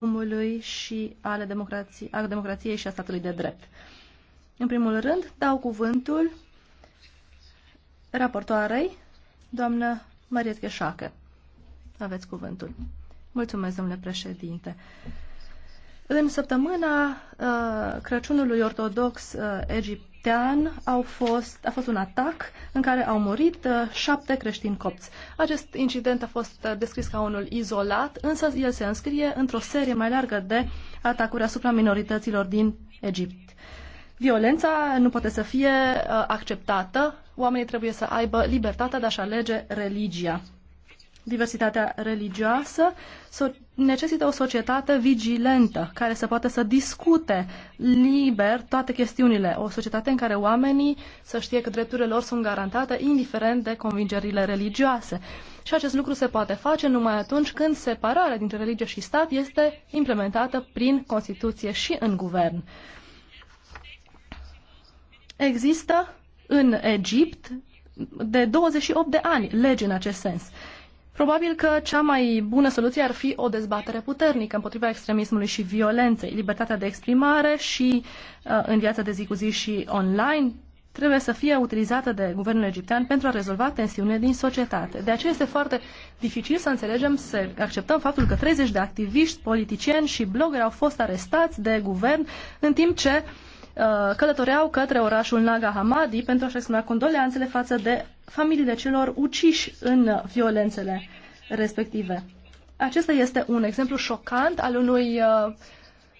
omului și ale democrației, a democrației și a statului de drept. În primul rând, dau cuvântul raportoarei, doamnă Mariet Gheșacă. Aveți cuvântul. Mulțumesc, domnule președinte. În săptămâna uh, Crăciunului ortodox uh, egiptean au fost, a fost un atac în care au murit uh, șapte creștini copți. Acest incident a fost uh, descris ca unul izolat, însă el se înscrie într-o serie mai largă de atacuri asupra minorităților din Egipt. Violența nu poate să fie uh, acceptată, oamenii trebuie să aibă libertatea de a-și alege religia diversitatea religioasă necesită o societate vigilentă care să poată să discute liber toate chestiunile. O societate în care oamenii să știe că drepturile lor sunt garantate indiferent de convingerile religioase. Și acest lucru se poate face numai atunci când separarea dintre religie și stat este implementată prin Constituție și în guvern. Există în Egipt de 28 de ani legi în acest sens. Probabil că cea mai bună soluție ar fi o dezbatere puternică împotriva extremismului și violenței. Libertatea de exprimare și uh, în viața de zi cu zi și online trebuie să fie utilizată de guvernul egiptean pentru a rezolva tensiunile din societate. De aceea este foarte dificil să înțelegem, să acceptăm faptul că 30 de activiști, politicieni și blogeri au fost arestați de guvern în timp ce uh, Uh, călătoreau către orașul Naga Hamadi pentru a-și exprima condoleanțele față de familiile celor uciși în violențele respective. Acesta este un exemplu șocant al unui uh,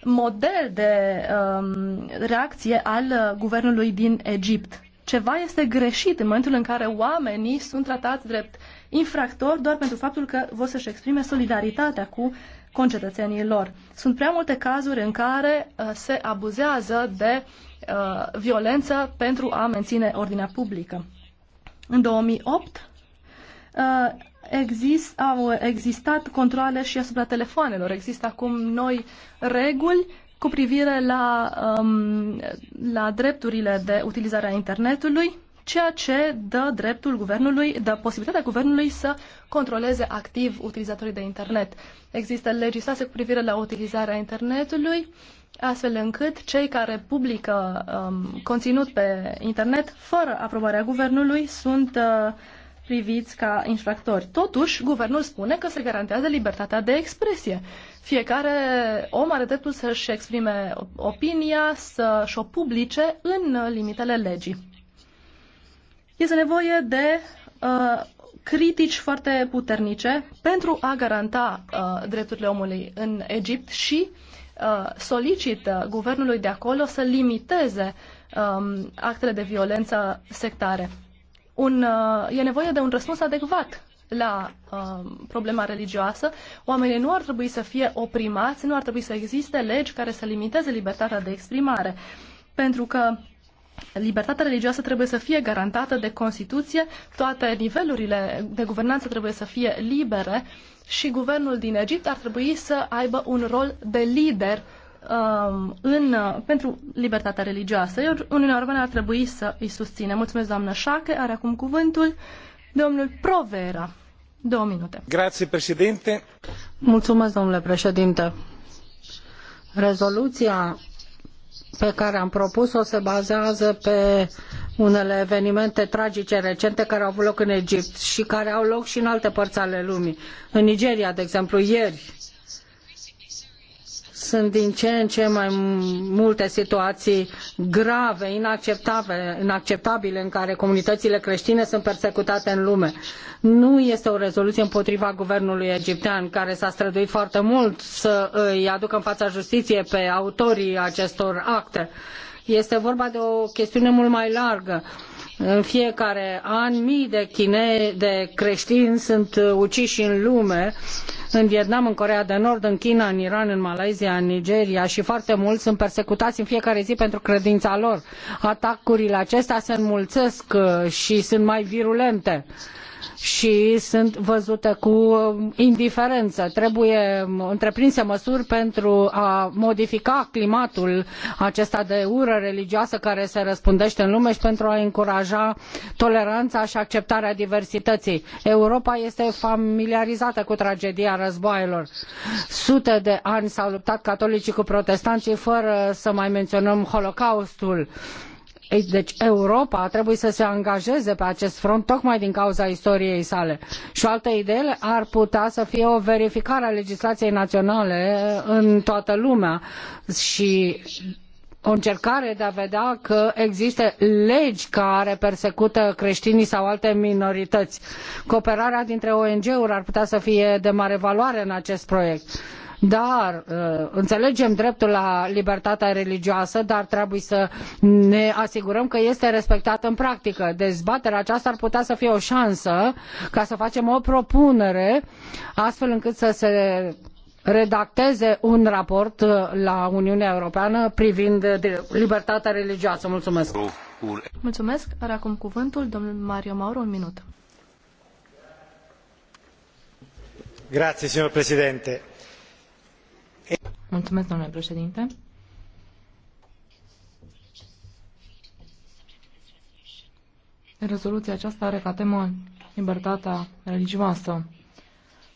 model de um, reacție al guvernului din Egipt. Ceva este greșit în momentul în care oamenii sunt tratați drept infractori doar pentru faptul că vor să-și exprime solidaritatea cu concetățenii lor. Sunt prea multe cazuri în care uh, se abuzează de uh, violență pentru a menține ordinea publică. În 2008 uh, exist, au existat controle și asupra telefoanelor. Există acum noi reguli cu privire la, um, la drepturile de utilizare a internetului ceea ce dă dreptul guvernului, dă posibilitatea guvernului să controleze activ utilizatorii de internet. Există legislație cu privire la utilizarea internetului, astfel încât cei care publică um, conținut pe internet fără aprobarea guvernului sunt uh, priviți ca infractori. Totuși, guvernul spune că se garantează libertatea de expresie. Fiecare om are dreptul să-și exprime opinia, să-și o publice în limitele legii. Este nevoie de uh, critici foarte puternice pentru a garanta uh, drepturile omului în Egipt și uh, solicită uh, guvernului de acolo să limiteze um, actele de violență sectare. Un, uh, e nevoie de un răspuns adecvat la uh, problema religioasă, oamenii nu ar trebui să fie oprimați, nu ar trebui să existe legi care să limiteze libertatea de exprimare, pentru că uh, libertatea religioasă trebuie să fie garantată de Constituție, toate nivelurile de guvernanță trebuie să fie libere și guvernul din Egipt ar trebui să aibă un rol de lider um, în, pentru libertatea religioasă. Eu, Uniunea Europeană ar trebui să îi susține. Mulțumesc, doamnă Șache. Are acum cuvântul domnul Provera. Două minute. Grazie, președinte. Mulțumesc, domnule președinte. Rezoluția pe care am propus-o se bazează pe unele evenimente tragice recente care au avut loc în Egipt și care au loc și în alte părți ale lumii. În Nigeria, de exemplu, ieri sunt din ce în ce mai multe situații grave, inacceptabile, inacceptabile în care comunitățile creștine sunt persecutate în lume. Nu este o rezoluție împotriva guvernului egiptean, care s-a străduit foarte mult să îi aducă în fața justiției pe autorii acestor acte. Este vorba de o chestiune mult mai largă. Uh, în fiecare an mii de chinezi, de creștini sunt uciși în lume, în Vietnam, în Coreea de Nord, în China, în Iran, în Malaysia, în Nigeria și foarte mulți sunt persecutați în fiecare zi pentru credința lor. Atacurile acestea se înmulțesc uh, și sunt mai virulente și sunt văzute cu indiferență. Trebuie întreprinse măsuri pentru a modifica climatul acesta de ură religioasă care se răspândește în lume și pentru a încuraja toleranța și acceptarea diversității. Europa este familiarizată cu tragedia războaielor. Sute de ani s-au luptat catolicii cu protestanții fără să mai menționăm Holocaustul deci Europa trebuie să se angajeze pe acest front tocmai din cauza istoriei sale. Și o altă idee ar putea să fie o verificare a legislației naționale în toată lumea și o încercare de a vedea că există legi care persecută creștinii sau alte minorități. Cooperarea dintre ONG-uri ar putea să fie de mare valoare în acest proiect dar uh, înțelegem dreptul la libertatea religioasă, dar trebuie să ne asigurăm că este respectată în practică. Dezbaterea aceasta ar putea să fie o șansă ca să facem o propunere astfel încât să se redacteze un raport uh, la Uniunea Europeană privind uh, libertatea religioasă. Mulțumesc! Mulțumesc! Are acum cuvântul domnul Mario Mauro, un minut. Grazie, signor Presidente Mulțumesc, domnule președinte. Rezoluția aceasta are ca temă libertatea religioasă.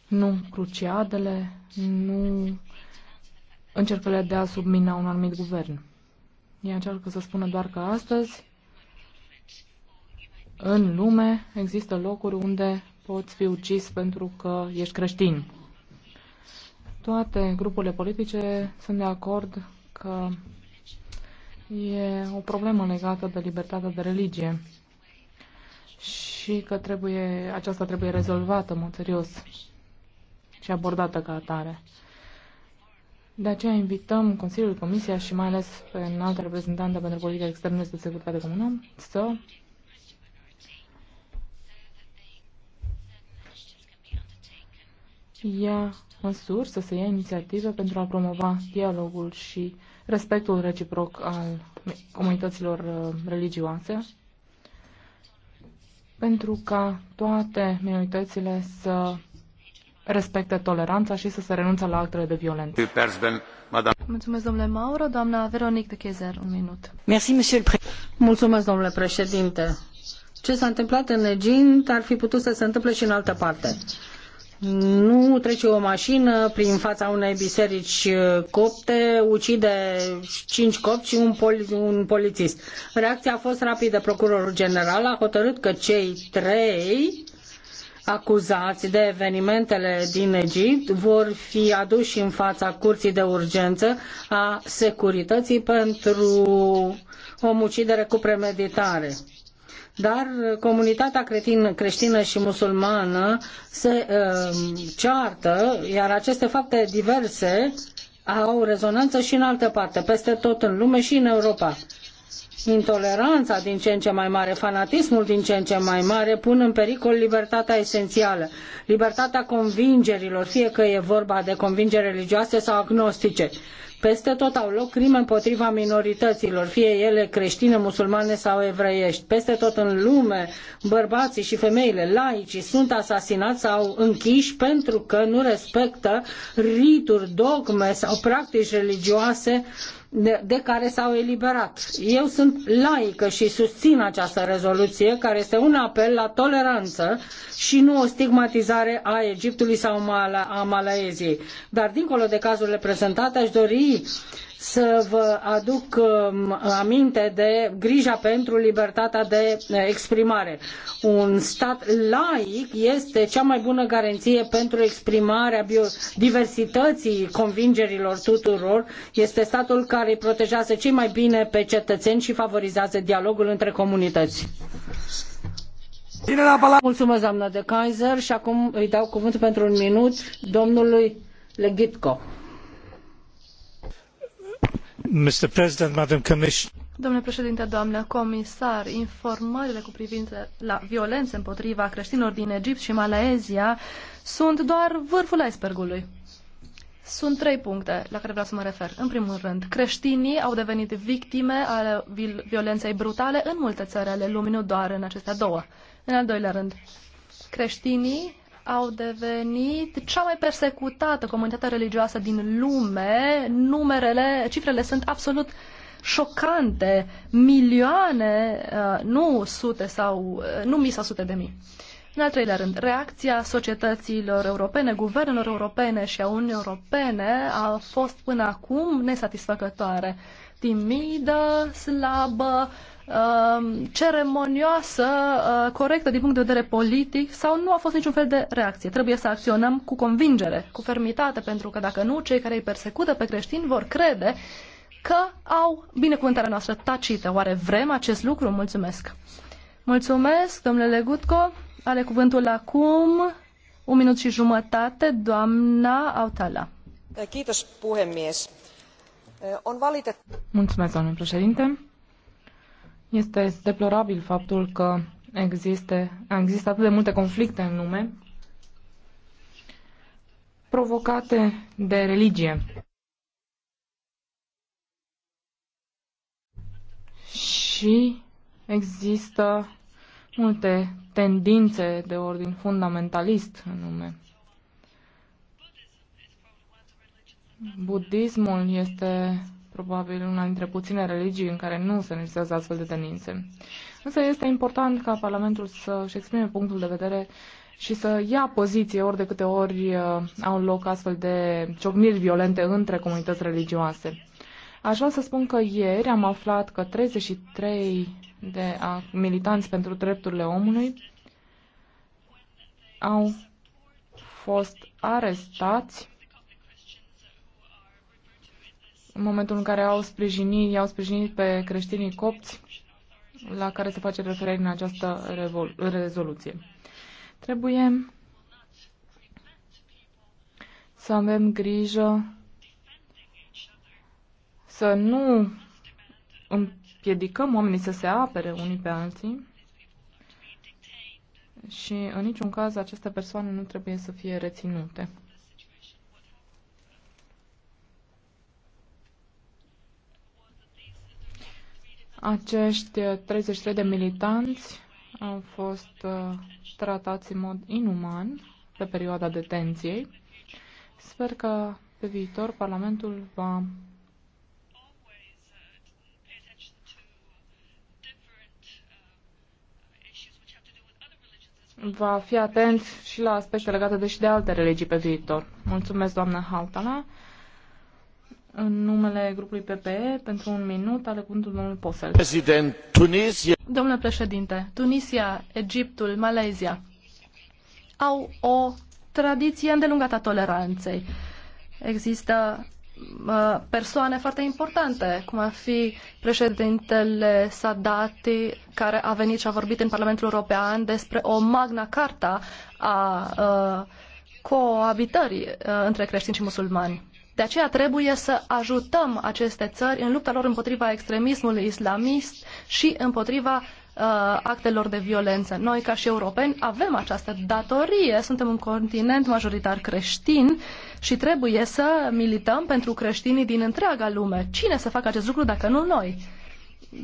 Nu cruciadele, nu încercările de a submina un anumit guvern. Ea încearcă să spună doar că astăzi, în lume, există locuri unde poți fi ucis pentru că ești creștin. Toate grupurile politice sunt de acord că e o problemă legată de libertatea de religie și că trebuie, aceasta trebuie rezolvată în mod serios și abordată ca atare. De aceea invităm Consiliul, Comisia și mai ales pe înaltă reprezentantă pentru politica externă și de securitate comună să ia măsuri, să se ia inițiative pentru a promova dialogul și respectul reciproc al comunităților uh, religioase, pentru ca toate minoritățile să respecte toleranța și să se renunțe la actele de violență. Mulțumesc, domnule Mauro. Doamna Veronique de Chezer, un minut. Mulțumesc, domnule președinte. Ce s-a întâmplat în Egint ar fi putut să se întâmple și în altă parte nu trece o mașină prin fața unei biserici copte, ucide cinci copți și un, poli, un polițist. Reacția a fost rapidă. Procurorul general a hotărât că cei trei acuzați de evenimentele din Egipt vor fi aduși în fața curții de urgență a securității pentru omucidere cu premeditare dar comunitatea cretină, creștină și musulmană se uh, ceartă, iar aceste fapte diverse au rezonanță și în altă parte, peste tot în lume și în Europa. Intoleranța din ce în ce mai mare, fanatismul din ce în ce mai mare pun în pericol libertatea esențială, libertatea convingerilor, fie că e vorba de convingeri religioase sau agnostice. Peste tot au loc crime împotriva minorităților, fie ele creștine, musulmane sau evreiești. Peste tot în lume, bărbații și femeile laici sunt asasinați sau închiși pentru că nu respectă rituri, dogme sau practici religioase de, de care s-au eliberat. Eu sunt laică și susțin această rezoluție, care este un apel la toleranță și nu o stigmatizare a Egiptului sau a Malaeziei. Dar, dincolo de cazurile prezentate, aș dori să vă aduc um, aminte de grija pentru libertatea de eh, exprimare. Un stat laic este cea mai bună garanție pentru exprimarea diversității convingerilor tuturor. Este statul care îi protejează cei mai bine pe cetățeni și favorizează dialogul între comunități. Mulțumesc, doamnă de Kaiser, și acum îi dau cuvântul pentru un minut domnului Legitco. Domnule președinte, doamnă comisar, informările cu privire la violențe împotriva creștinilor din Egipt și Malaezia sunt doar vârful icebergului. Sunt trei puncte la care vreau să mă refer. În primul rând, creștinii au devenit victime ale violenței brutale în multe țări ale lumii, nu doar în acestea două. În al doilea rând, creștinii au devenit cea mai persecutată comunitate religioasă din lume. Numerele, cifrele sunt absolut șocante. Milioane, uh, nu sute sau uh, nu mii sau sute de mii. În al treilea rând, reacția societăților europene, guvernelor europene și a Uniunii Europene a fost până acum nesatisfăcătoare. Timidă, slabă, uh, Um, ceremonioasă, uh, corectă din punct de vedere politic sau nu a fost niciun fel de reacție. Trebuie să acționăm cu convingere, cu fermitate, pentru că dacă nu, cei care îi persecută pe creștini vor crede că au binecuvântarea noastră tacită. Oare vrem acest lucru? Mulțumesc! Mulțumesc, domnule Legutco. Are cuvântul acum un minut și jumătate, doamna Autala. Mulțumesc, domnule președinte. Este deplorabil faptul că existe, există atât de multe conflicte în lume provocate de religie. Și există multe tendințe de ordin fundamentalist în lume. Budismul este probabil una dintre puține religii în care nu se necesează astfel de tendințe. Însă este important ca Parlamentul să-și exprime punctul de vedere și să ia poziție ori de câte ori uh, au loc astfel de ciocniri violente între comunități religioase. Aș vrea să spun că ieri am aflat că 33 de militanți pentru drepturile omului au fost arestați în momentul în care au sprijinit, i-au sprijinit pe creștinii copți la care se face referire în această rezoluție. Trebuie să avem grijă să nu împiedicăm oamenii să se apere unii pe alții și în niciun caz aceste persoane nu trebuie să fie reținute. Acești 33 uh, de militanți au fost uh, tratați în mod inuman pe perioada detenției. Sper că pe viitor Parlamentul va va fi atent și la aspecte legate de și de alte religii pe viitor. Mulțumesc, doamna Hautala în numele grupului PPE pentru un minut ale cuvântul domnul Posel. Tunisia... Domnule președinte, Tunisia, Egiptul, malaysia au o tradiție îndelungată a toleranței. Există uh, persoane foarte importante, cum ar fi președintele Sadati, care a venit și a vorbit în Parlamentul European despre o magna carta a uh, coabitării uh, între creștini și musulmani de aceea trebuie să ajutăm aceste țări în lupta lor împotriva extremismului islamist și împotriva uh, actelor de violență. Noi, ca și europeni, avem această datorie. Suntem un continent majoritar creștin și trebuie să milităm pentru creștinii din întreaga lume. Cine să facă acest lucru dacă nu noi?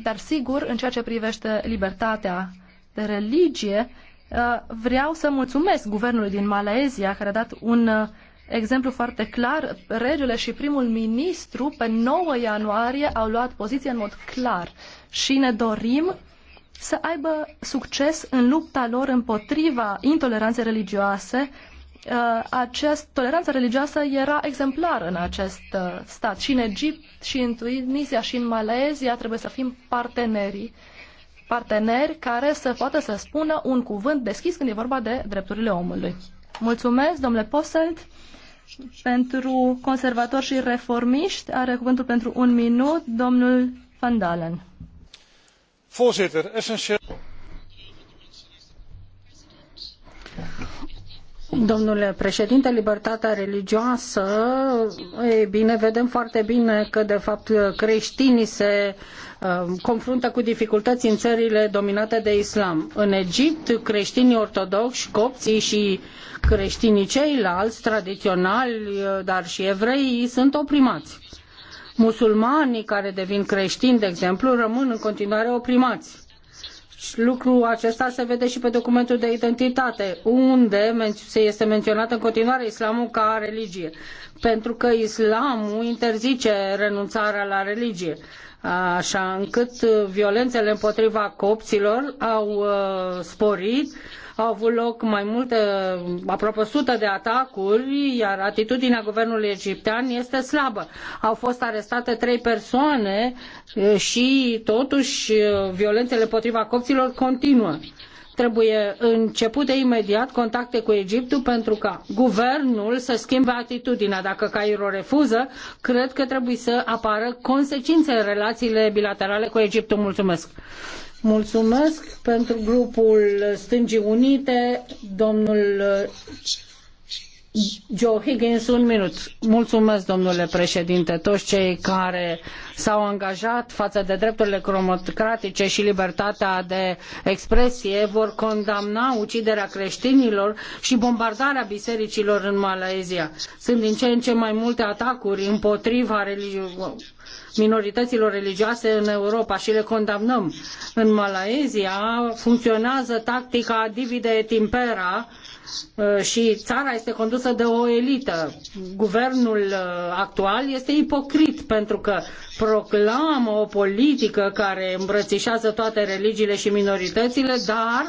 Dar sigur, în ceea ce privește libertatea de religie, uh, vreau să mulțumesc guvernului din Malaezia care a dat un uh, exemplu foarte clar, regele și primul ministru pe 9 ianuarie au luat poziție în mod clar și ne dorim să aibă succes în lupta lor împotriva intoleranței religioase. Uh, Această toleranță religioasă era exemplară în acest uh, stat. Și în Egipt, și în Tunisia, și în Malezia trebuie să fim partenerii parteneri care să poată să spună un cuvânt deschis când e vorba de drepturile omului. Mulțumesc, domnule Posselt pentru conservatori și reformiști are cuvântul pentru un minut domnul Van Dalen. Voorzitter, essentieel. Domnule președinte, libertatea religioasă, e bine, vedem foarte bine că de fapt creștinii se uh, confruntă cu dificultăți în țările dominate de islam. În Egipt, creștinii ortodoxi, copții și creștinii ceilalți, tradiționali, uh, dar și evrei, sunt oprimați. Musulmanii care devin creștini, de exemplu, rămân în continuare oprimați Lucrul acesta se vede și pe documentul de identitate, unde se este menționat în continuare islamul ca religie, pentru că islamul interzice renunțarea la religie, așa încât violențele împotriva copților au uh, sporit, au avut loc mai multe, aproape 100 de atacuri, iar atitudinea guvernului egiptean este slabă. Au fost arestate trei persoane și totuși violențele împotriva copților continuă trebuie începute imediat contacte cu Egiptul pentru ca guvernul să schimbe atitudinea. Dacă Cairo refuză, cred că trebuie să apară consecințe în relațiile bilaterale cu Egiptul. Mulțumesc! Mulțumesc pentru grupul Stângii Unite, domnul Joe Higgins, un minut. Mulțumesc, domnule președinte, toți cei care s-au angajat față de drepturile democratice și libertatea de expresie vor condamna uciderea creștinilor și bombardarea bisericilor în Malaezia. Sunt din ce în ce mai multe atacuri împotriva religiei minorităților religioase în Europa și le condamnăm. În Malaezia funcționează tactica divide et impera uh, și țara este condusă de o elită. Guvernul uh, actual este ipocrit pentru că proclamă o politică care îmbrățișează toate religiile și minoritățile, dar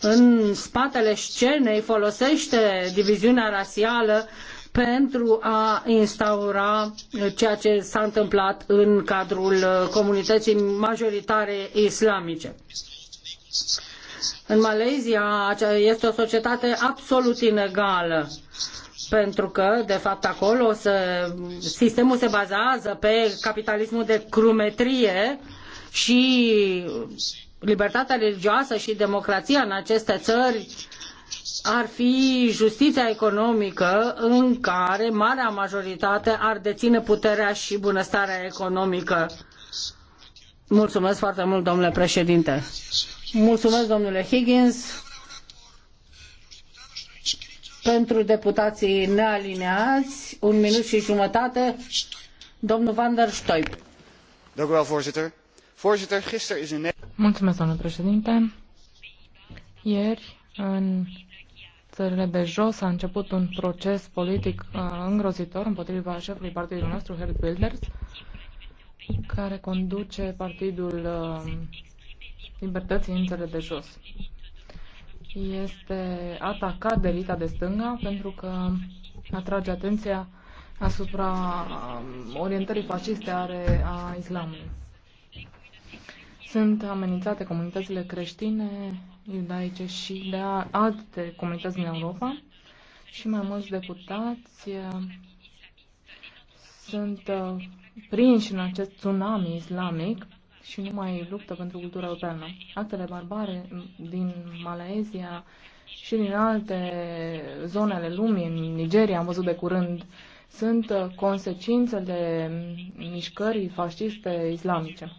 în spatele scenei folosește diviziunea rasială uh, pentru a instaura uh, ceea ce s-a întâmplat în cadrul uh, comunității majoritare islamice. În Malezia este o societate absolut inegală pentru că, de fapt, acolo se, sistemul se bazează pe capitalismul de crumetrie și libertatea religioasă și democrația în aceste țări ar fi justiția economică în care marea majoritate ar deține puterea și bunăstarea economică. Mulțumesc foarte mult, domnule președinte. Mulțumesc, domnule Higgins. Pentru deputații nealineați, un minut și jumătate, domnul Van der Stoip. Mulțumesc, domnule președinte. Ieri, în țările de jos a început un proces politic uh, îngrozitor împotriva șefului partidului nostru, Herb Wilders, care conduce Partidul uh, Libertății în țările de jos. Este atacat de elita de stânga pentru că atrage atenția asupra um, orientării fasciste are a islamului. Sunt amenințate comunitățile creștine, iudaice și de alte comunități din Europa și mai mulți deputați uh, sunt uh, prinși în acest tsunami islamic și nu mai luptă pentru cultura europeană. Actele barbare din Malaezia și din alte zone ale lumii, în Nigeria am văzut de curând, sunt uh, consecințele mișcării fasciste islamice.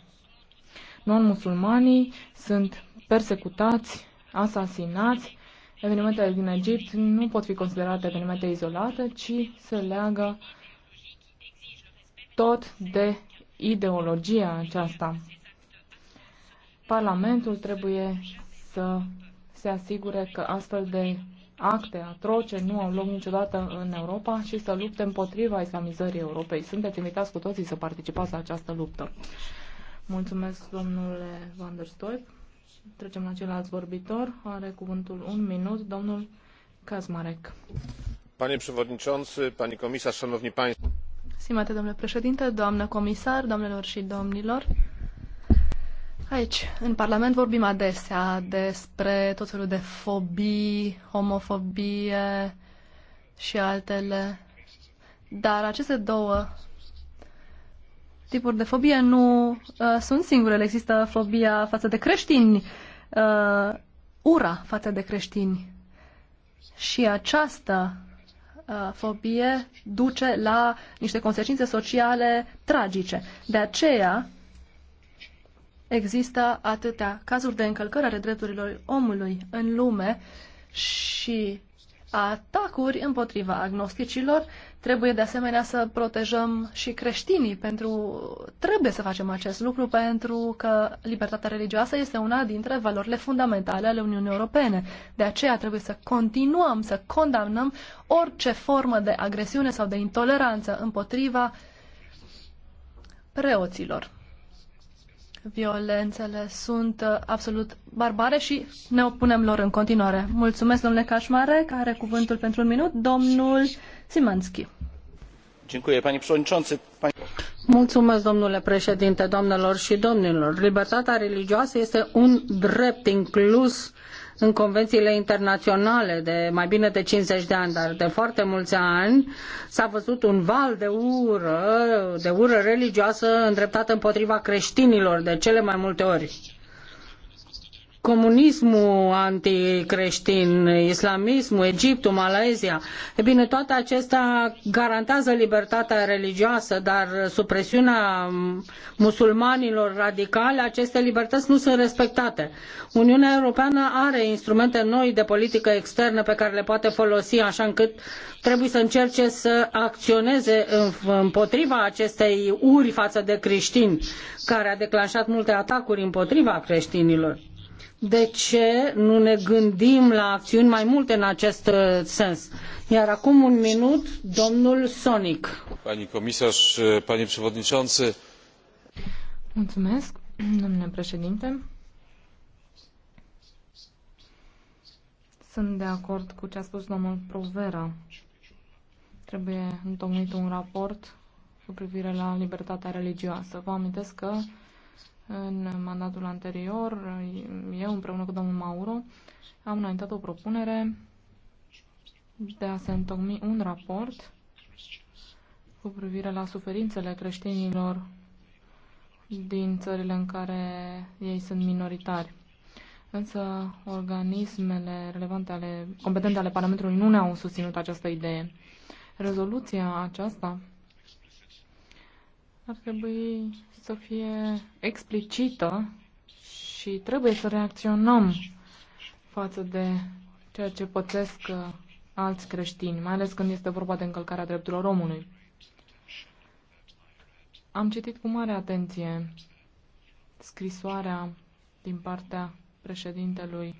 Non-musulmanii sunt persecutați, asasinați. Evenimentele din Egipt nu pot fi considerate evenimente izolate, ci se leagă tot de ideologia aceasta. Parlamentul trebuie să se asigure că astfel de acte atroce nu au loc niciodată în Europa și să lupte împotriva islamizării Europei. Sunteți invitați cu toții să participați la această luptă. Mulțumesc, domnule Van der Stoip. Trecem la celălalt vorbitor. Are cuvântul un minut, domnul Kazmarek. Panie przewodniczący, pani komisarz, szanowni państwo. Stimate domnule președinte, doamnă comisar, domnilor și domnilor, Aici, în Parlament, vorbim adesea despre tot felul de fobii, homofobie și altele. Dar aceste două tipuri de fobie nu uh, sunt singurele. Există fobia față de creștini, uh, ura față de creștini. Și această uh, fobie duce la niște consecințe sociale tragice. De aceea există atâtea cazuri de încălcări ale drepturilor omului în lume și atacuri împotriva agnosticilor. Trebuie de asemenea să protejăm și creștinii pentru trebuie să facem acest lucru pentru că libertatea religioasă este una dintre valorile fundamentale ale Uniunii Europene. De aceea trebuie să continuăm să condamnăm orice formă de agresiune sau de intoleranță împotriva preoților. Violențele sunt uh, absolut barbare și ne opunem lor în continuare. Mulțumesc, domnule Cașmare, care are cuvântul pentru un minut, domnul Simanski. Mulțumesc, domnule președinte, doamnelor și domnilor. Libertatea religioasă este un drept inclus în convențiile internaționale de mai bine de 50 de ani, dar de foarte mulți ani s-a văzut un val de ură, de ură religioasă îndreptată împotriva creștinilor de cele mai multe ori comunismul anticreștin, islamismul, Egiptul, Malaezia. E bine, toate acestea garantează libertatea religioasă, dar sub presiunea musulmanilor radicali, aceste libertăți nu sunt respectate. Uniunea Europeană are instrumente noi de politică externă pe care le poate folosi, așa încât trebuie să încerce să acționeze împotriva acestei uri față de creștini, care a declanșat multe atacuri împotriva creștinilor de ce nu ne gândim la acțiuni mai multe în acest uh, sens? Iar acum un minut, domnul Sonic. Pani comisar, pani przewodniczący. Mulțumesc, domnule președinte. Sunt de acord cu ce a spus domnul Provera. Trebuie întocmit un raport cu privire la libertatea religioasă. Vă amintesc că în mandatul anterior, eu împreună cu domnul Mauro am înaintat o propunere de a se întocmi un raport cu privire la suferințele creștinilor din țările în care ei sunt minoritari. Însă organismele relevante ale, competente ale Parlamentului nu ne-au susținut această idee. Rezoluția aceasta ar trebui să fie explicită și trebuie să reacționăm față de ceea ce pățesc uh, alți creștini, mai ales când este vorba de încălcarea drepturilor omului. Am citit cu mare atenție scrisoarea din partea președintelui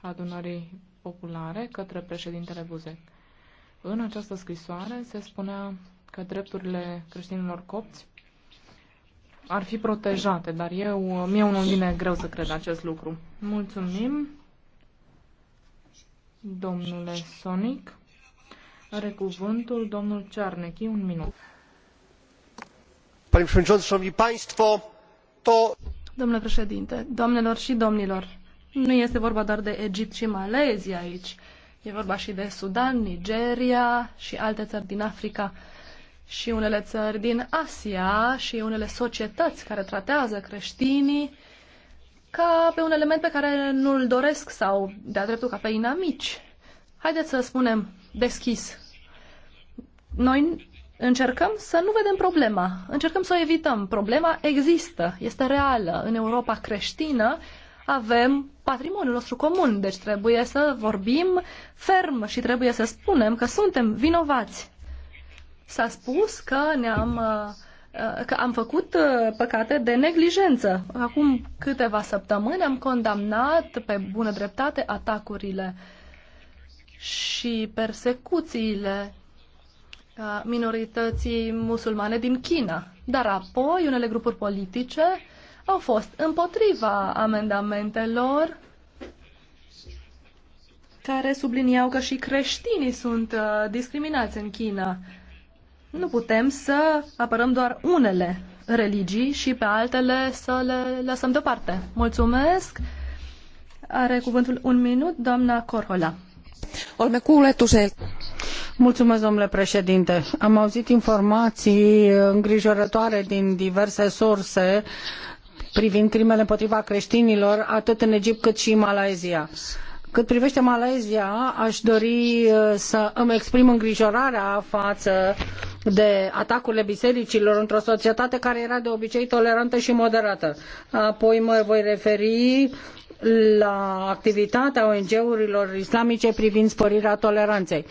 adunării populare către președintele Buzek. În această scrisoare se spunea că drepturile creștinilor copți ar fi protejate, dar eu, mie unul vine greu să cred acest lucru. Mulțumim, domnule Sonic. Are cuvântul domnul Cearnechi, un minut. Panie Przewodniczący, Szanowni Państwo, to... Domnule președinte, domnilor și domnilor, nu este vorba doar de Egipt și Malezia aici. E vorba și de Sudan, Nigeria și alte țări din Africa și unele țări din Asia și unele societăți care tratează creștinii ca pe un element pe care nu-l doresc sau de-a dreptul ca pe inamici. Haideți să spunem deschis. Noi încercăm să nu vedem problema, încercăm să o evităm. Problema există, este reală. În Europa creștină avem patrimoniul nostru comun, deci trebuie să vorbim ferm și trebuie să spunem că suntem vinovați s-a spus că ne-am uh, că am făcut uh, păcate de neglijență. Acum câteva săptămâni am condamnat pe bună dreptate atacurile și persecuțiile uh, minorității musulmane din China. Dar apoi unele grupuri politice au fost împotriva amendamentelor care subliniau că și creștinii sunt discriminați în China. Nu putem să apărăm doar unele religii și pe altele să le lăsăm deoparte. Mulțumesc! Are cuvântul un minut doamna Corhola. Mulțumesc, domnule președinte. Am auzit informații îngrijorătoare din diverse surse privind crimele împotriva creștinilor, atât în Egipt cât și în Malaezia cât privește Malezia, aș dori uh, să îmi exprim îngrijorarea față de atacurile bisericilor într-o societate care era de obicei tolerantă și moderată. Apoi mă voi referi la activitatea ONG-urilor islamice privind sporirea toleranței.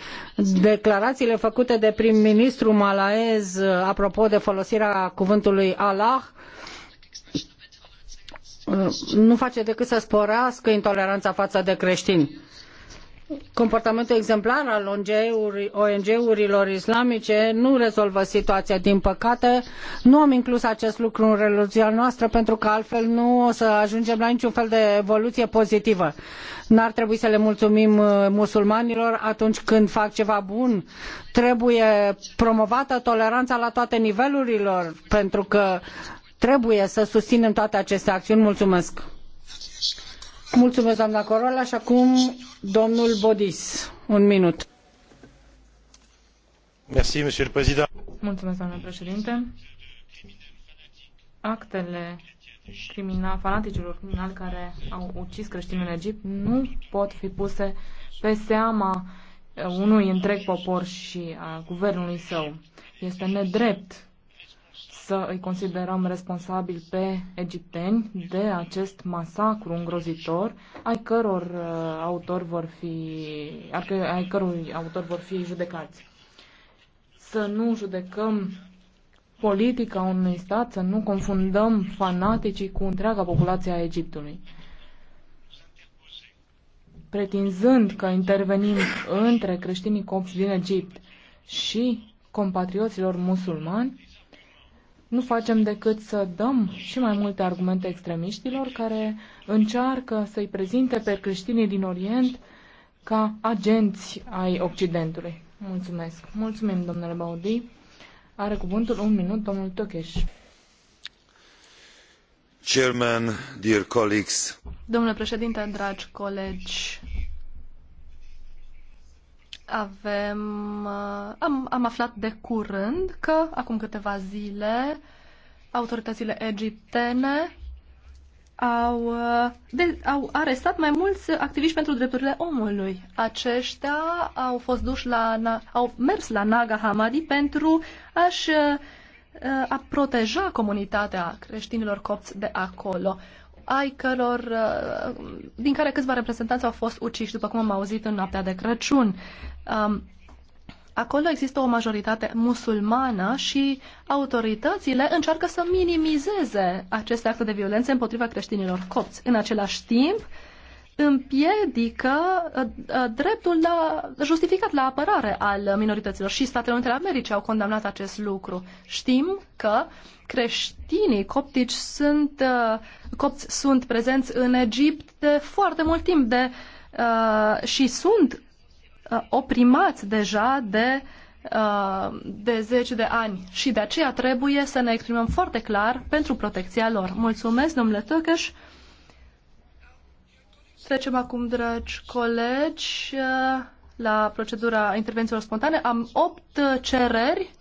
Declarațiile făcute de prim-ministru malaez uh, apropo de folosirea cuvântului Allah nu face decât să sporească intoleranța față de creștini. Comportamentul exemplar al ONG-urilor islamice nu rezolvă situația, din păcate. Nu am inclus acest lucru în rezoluția noastră pentru că altfel nu o să ajungem la niciun fel de evoluție pozitivă. N-ar trebui să le mulțumim uh, musulmanilor atunci când fac ceva bun. Trebuie promovată toleranța la toate nivelurilor pentru că Trebuie să susținem toate aceste acțiuni. Mulțumesc! Mulțumesc, doamna Corola, și acum domnul Bodis. Un minut. Merci, monsieur le Mulțumesc, doamna președinte. Actele criminal, fanaticilor criminali care au ucis creștini în Egipt nu pot fi puse pe seama uh, unui întreg popor și a guvernului său. Este nedrept să îi considerăm responsabili pe egipteni de acest masacru îngrozitor, ai căror uh, autori vor fi, ai cărui autori vor fi judecați. Să nu judecăm politica unui stat, să nu confundăm fanaticii cu întreaga populație a Egiptului. Pretinzând că intervenim între creștinii copți din Egipt și compatrioților musulmani, nu facem decât să dăm și mai multe argumente extremiștilor care încearcă să-i prezinte pe creștinii din Orient ca agenți ai Occidentului. Mulțumesc. Mulțumim, domnule Baudi. Are cuvântul un minut domnul Tocheș. Chairman, dear colleagues. Domnule președinte, dragi colegi, avem, uh, am, am aflat de curând că acum câteva zile autoritățile egiptene au, uh, de, au arestat mai mulți activiști pentru drepturile omului. Aceștia au fost duși la, au mers la Naga Hamadi pentru a-și uh, a proteja comunitatea creștinilor copți de acolo ai căror, uh, din care câțiva reprezentanți au fost uciși, după cum am auzit în noaptea de Crăciun. Um, acolo există o majoritate musulmană și autoritățile încearcă să minimizeze aceste acte de violență împotriva creștinilor copți. În același timp, împiedică uh, uh, dreptul la, justificat la apărare al minorităților și Statele Unite ale Americii au condamnat acest lucru. Știm că creștinii coptici sunt, uh, copți sunt prezenți în Egipt de foarte mult timp de, și sunt oprimați deja de de zeci de ani și de aceea trebuie să ne exprimăm foarte clar pentru protecția lor. Mulțumesc, domnule Tăcăș. Trecem acum, dragi colegi, la procedura intervențiilor spontane. Am opt cereri.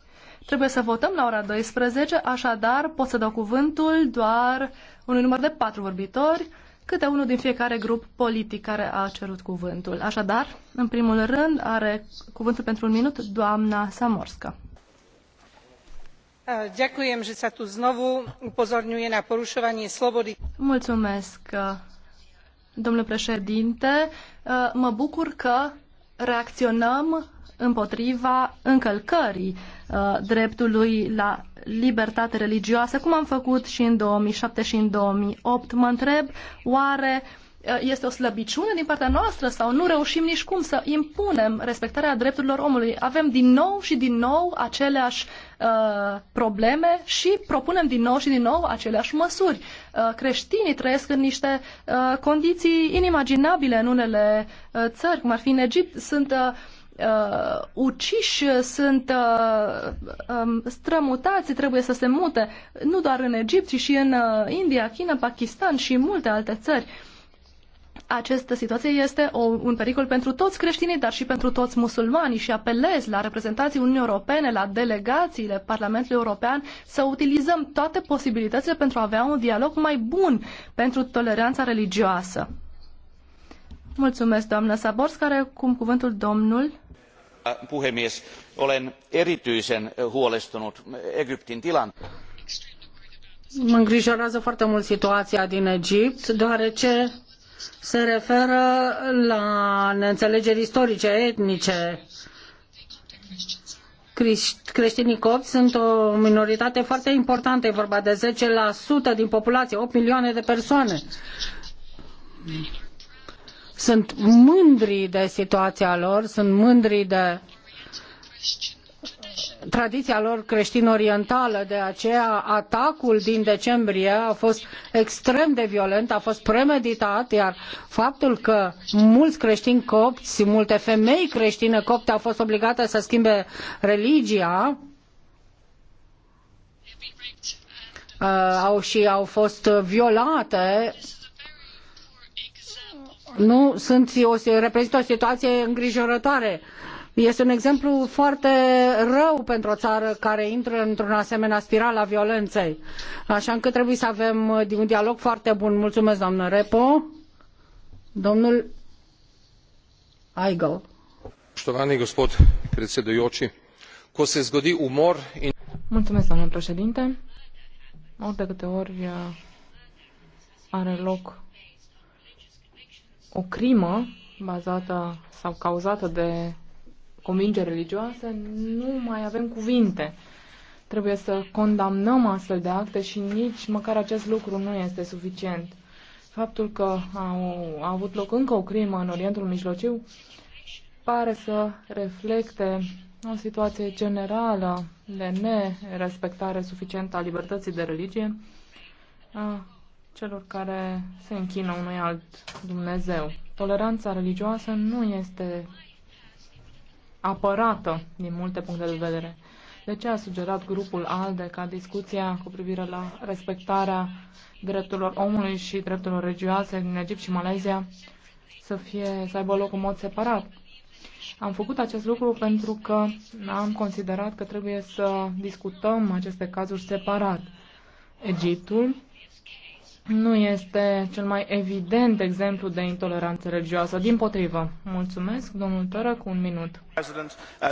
Trebuie să votăm la ora 12, așadar pot să dau cuvântul doar unui număr de patru vorbitori, câte unul din fiecare grup politic care a cerut cuvântul. Așadar, în primul rând, are cuvântul pentru un minut doamna Samorska ďakujem eh, že sa tu znovu upozorňuje na porušovanie slobody. mulțumesc Domnule președinte, uh, mă bucur că reacționăm împotriva încălcării uh, dreptului la libertate religioasă, cum am făcut și în 2007 și în 2008. Mă întreb oare Uh, este o slăbiciune din partea noastră sau nu reușim nici cum să impunem respectarea drepturilor omului. Avem din nou și din nou aceleași uh, probleme și propunem din nou și din nou aceleași măsuri. Uh, creștinii trăiesc în niște uh, condiții inimaginabile în unele uh, țări, cum ar fi în Egipt. Sunt uh, uh, uciși, sunt uh, um, strămutați, trebuie să se mute, nu doar în Egipt, ci și în uh, India, China, Pakistan și multe alte țări. Uh, această situație este o, un pericol pentru toți creștinii, dar și pentru toți musulmanii și apelez la reprezentanții Uniunii Europene, la delegațiile Parlamentului European să utilizăm toate posibilitățile pentru a avea un dialog mai bun pentru toleranța religioasă. Mulțumesc, doamnă Sabors, care cum cuvântul domnul puhemies olen erityisen huolestunut egyptin tilan. mă îngrijorează foarte mult situația din egipt deoarece se referă la neînțelegeri istorice, etnice. Creștinii copți sunt o minoritate foarte importantă, e vorba de 10% din populație, 8 milioane de persoane. Sunt mândri de situația lor, sunt mândri de tradiia lor creștin-orientală, de aceea atacul din decembrie a fost extrem de violent, a fost premeditat, iar faptul că muli cretini copți, multe femei cretine copte au fost obligate să schimbe religia, uh, au și au fost violate nu sunt, o, reprezintă o situație îngrijorătoare este un exemplu foarte rău pentru o țară care intră într-un asemenea spirală a violenței. Așa încât trebuie să avem uh, un dialog foarte bun. Mulțumesc, doamnă Repo. Domnul Aigal. Ștovani, gospod predsedujoči, ko se zgodi umor in... Mulțumesc, doamnă președinte. Ori de câte ori uh, are loc o crimă bazată sau cauzată de convingeri religioase, nu mai avem cuvinte. Trebuie să condamnăm astfel de acte și nici măcar acest lucru nu este suficient. Faptul că au, a avut loc încă o crimă în Orientul Mijlociu pare să reflecte o situație generală de nerespectare suficientă a libertății de religie a celor care se închină unui alt Dumnezeu. Toleranța religioasă nu este apărată din multe puncte de vedere. De ce a sugerat grupul ALDE ca discuția cu privire la respectarea drepturilor omului și drepturilor religioase din Egipt și Malezia să, fie, să aibă loc în mod separat? Am făcut acest lucru pentru că am considerat că trebuie să discutăm aceste cazuri separat. Egiptul nu este cel mai evident exemplu de intoleranță religioasă. Din potrivă. Mulțumesc, domnul Tără, cu un minut. Uh,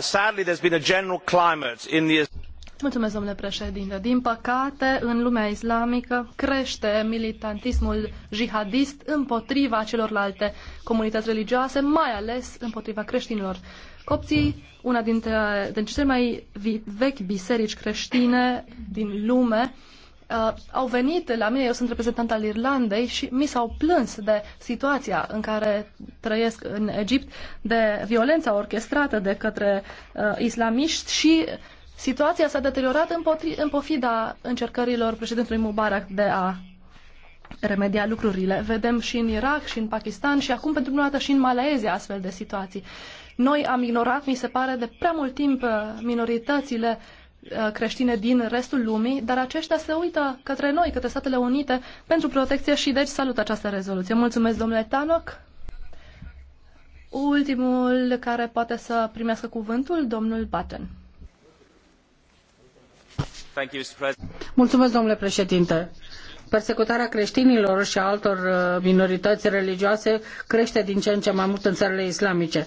mulțumesc, domnule președinte. Din păcate, în lumea islamică crește militantismul jihadist împotriva celorlalte comunități religioase, mai ales împotriva creștinilor. Copții, una dintre, dintre cele mai vechi biserici creștine din lume, uh, au venit la mine, eu sunt reprezentant al Irlandei și mi s-au plâns de situația în care trăiesc în Egipt, de violența orchestrată de către uh, islamiști și situația s-a deteriorat în, potri, în pofida încercărilor președintelui Mubarak de a remedia lucrurile. Vedem și în Irak, și în Pakistan și acum pentru prima dată și în Malezia astfel de situații. Noi am ignorat, mi se pare, de prea mult timp uh, minoritățile Uh, creștine din restul lumii, dar aceștia se uită către noi, către Statele Unite, pentru protecție și deci salut această rezoluție. Mulțumesc, domnule Tanoc. Ultimul care poate să primească cuvântul, domnul Batten. Mulțumesc, domnule președinte persecutarea creștinilor și a altor uh, minorități religioase crește din ce în ce mai mult în țările islamice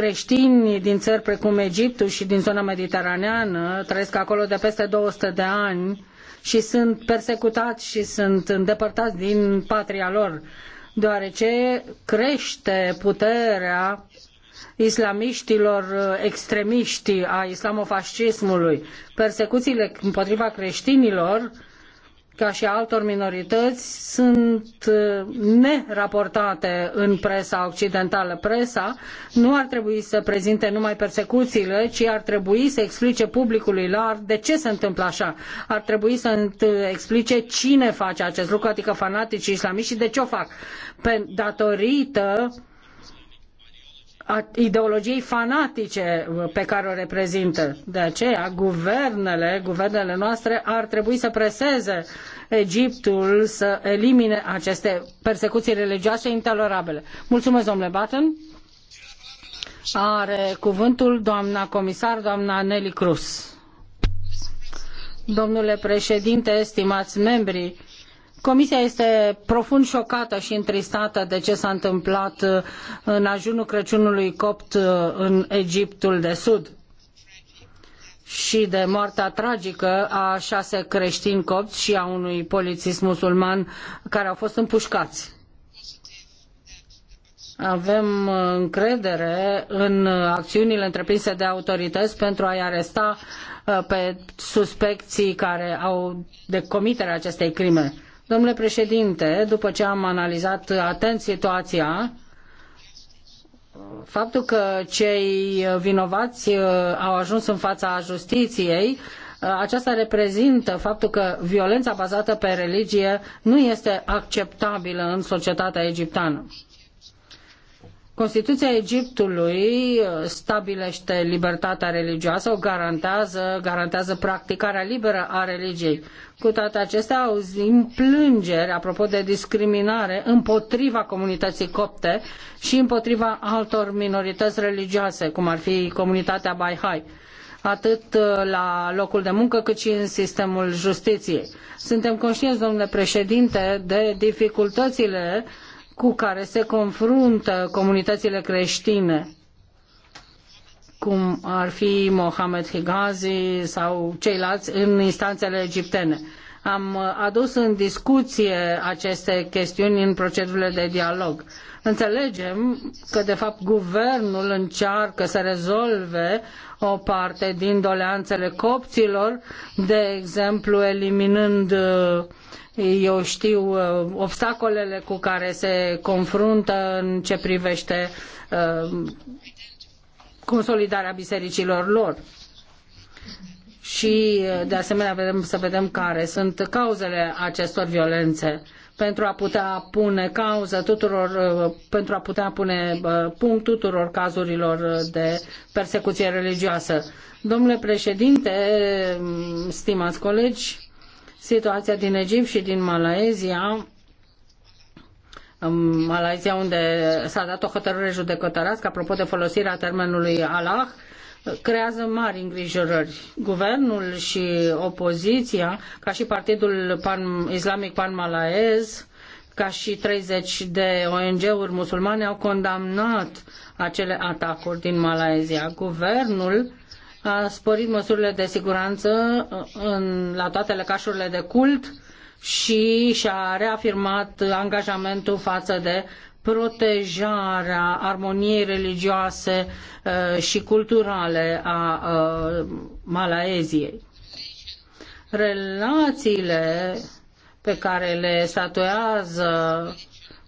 creștini din țări precum Egiptul și din zona mediteraneană trăiesc acolo de peste 200 de ani și sunt persecutați și sunt îndepărtați din patria lor, deoarece crește puterea islamiștilor extremiști a islamofascismului. Persecuțiile împotriva creștinilor ca și altor minorități, sunt uh, neraportate în presa occidentală. Presa nu ar trebui să prezinte numai persecuțiile, ci ar trebui să explice publicului larg de ce se întâmplă așa. Ar trebui să uh, explice cine face acest lucru, adică fanaticii islamiști și de ce o fac. Pe, datorită uh, a ideologiei fanatice uh, pe care o reprezintă. De aceea, guvernele, guvernele noastre ar trebui să preseze Egiptul să elimine aceste persecuții religioase intolerabile. Mulțumesc, domnule Batten. Are cuvântul doamna comisar, doamna Nelly Cruz. Domnule președinte, estimați membri, Comisia este profund șocată și întristată de ce s-a întâmplat uh, în ajunul Crăciunului copt uh, în Egiptul de Sud și de moartea tragică a șase creștini copți și a unui polițist musulman care au fost împușcați. Avem uh, încredere în acțiunile întreprinse de autorități pentru a-i aresta pe suspecții care au de comiterea acestei crime. Domnule președinte, după ce am analizat atent situația, faptul că cei vinovați uh, au ajuns în fața justiției, uh, aceasta reprezintă faptul că violența bazată pe religie nu este acceptabilă în societatea egipteană. Constituția Egiptului uh, stabilește libertatea religioasă, o garantează, garantează practicarea liberă a religiei. Cu toate acestea, auzim plângeri apropo de discriminare împotriva comunității copte și împotriva altor minorități religioase, cum ar fi comunitatea Baihai atât uh, la locul de muncă cât și în sistemul justiției. Suntem conștienți, domnule președinte, de dificultățile uh, cu care se confruntă comunitățile creștine, cum ar fi Mohamed Higazi sau ceilalți în instanțele egiptene. Am adus în discuție aceste chestiuni în procedurile de dialog. Înțelegem că, de fapt, guvernul încearcă să rezolve o parte din doleanțele copților, de exemplu, eliminând uh, eu știu uh, obstacolele cu care se confruntă în ce privește uh, consolidarea bisericilor lor și uh, de asemenea vedem, să vedem care sunt cauzele acestor violențe pentru a putea pune cauză tuturor, pentru a putea pune punct tuturor cazurilor de persecuție religioasă. Domnule președinte, stimați colegi, situația din Egipt și din Malaezia, în Malaezia unde s-a dat o hotărâre judecătărească apropo de folosirea termenului Allah, creează mari îngrijorări. Guvernul și opoziția, ca și Partidul Pan Islamic Pan-Malaez, ca și 30 de ONG-uri musulmane au condamnat acele atacuri din Malaezia. Guvernul a sporit măsurile de siguranță uh, în, la toate lăcașurile de cult și și-a reafirmat angajamentul față de protejarea armoniei religioase uh, și culturale a uh, Malaeziei. Relațiile pe care le statuează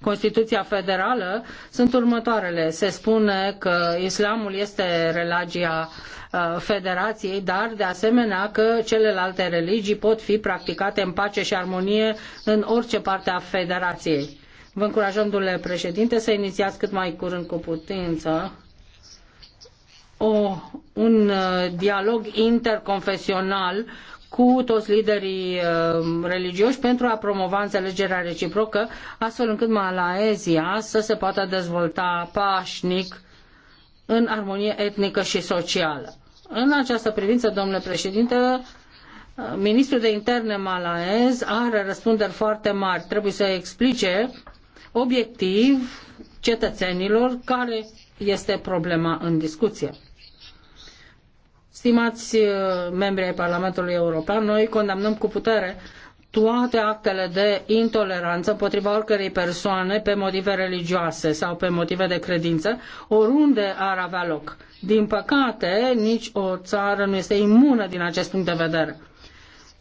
Constituția Federală sunt următoarele. Se spune că islamul este religia Uh, federației, dar de asemenea că celelalte religii pot fi practicate în pace și armonie în orice parte a federației. Vă încurajăm, domnule președinte, să inițiați cât mai curând cu putință o, un uh, dialog interconfesional cu toți liderii uh, religioși pentru a promova înțelegerea reciprocă, astfel încât Malaezia să se poată dezvolta pașnic în armonie etnică și socială. În această privință, domnule președinte, ministrul de interne malaez are răspunderi foarte mari. Trebuie să explice obiectiv cetățenilor care este problema în discuție. Stimați uh, membri ai Parlamentului European, noi condamnăm cu putere toate actele de intoleranță împotriva oricărei persoane pe motive religioase sau pe motive de credință, oriunde ar avea loc. Din păcate, nici o țară nu este imună din acest punct de vedere.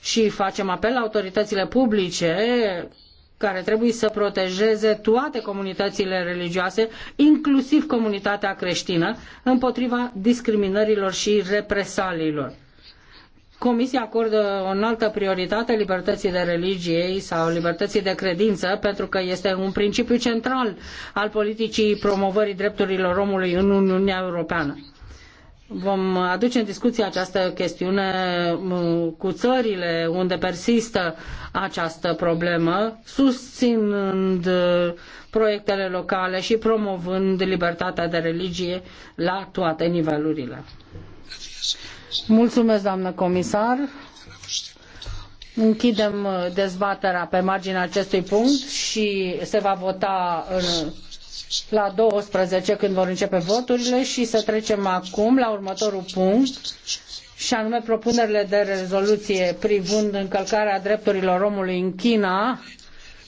Și facem apel la autoritățile publice care trebuie să protejeze toate comunitățile religioase, inclusiv comunitatea creștină, împotriva discriminărilor și represaliilor Comisia acordă o înaltă prioritate libertății de religie sau libertății de credință pentru că este un principiu central al politicii promovării drepturilor omului în Uniunea Europeană. Vom aduce în discuție această chestiune cu țările unde persistă această problemă, susținând uh, proiectele locale și promovând libertatea de religie la toate nivelurile. Mulțumesc, doamnă comisar. Închidem uh, dezbaterea pe marginea acestui punct și se va vota în, la 12 când vor începe voturile și să trecem acum la următorul punct și anume propunerile de rezoluție privind încălcarea drepturilor omului în China.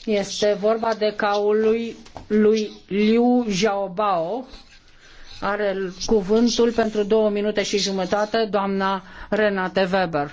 Este vorba de caul lui, lui Liu Xiaobao, are cuvântul pentru două minute și jumătate doamna Renate Weber.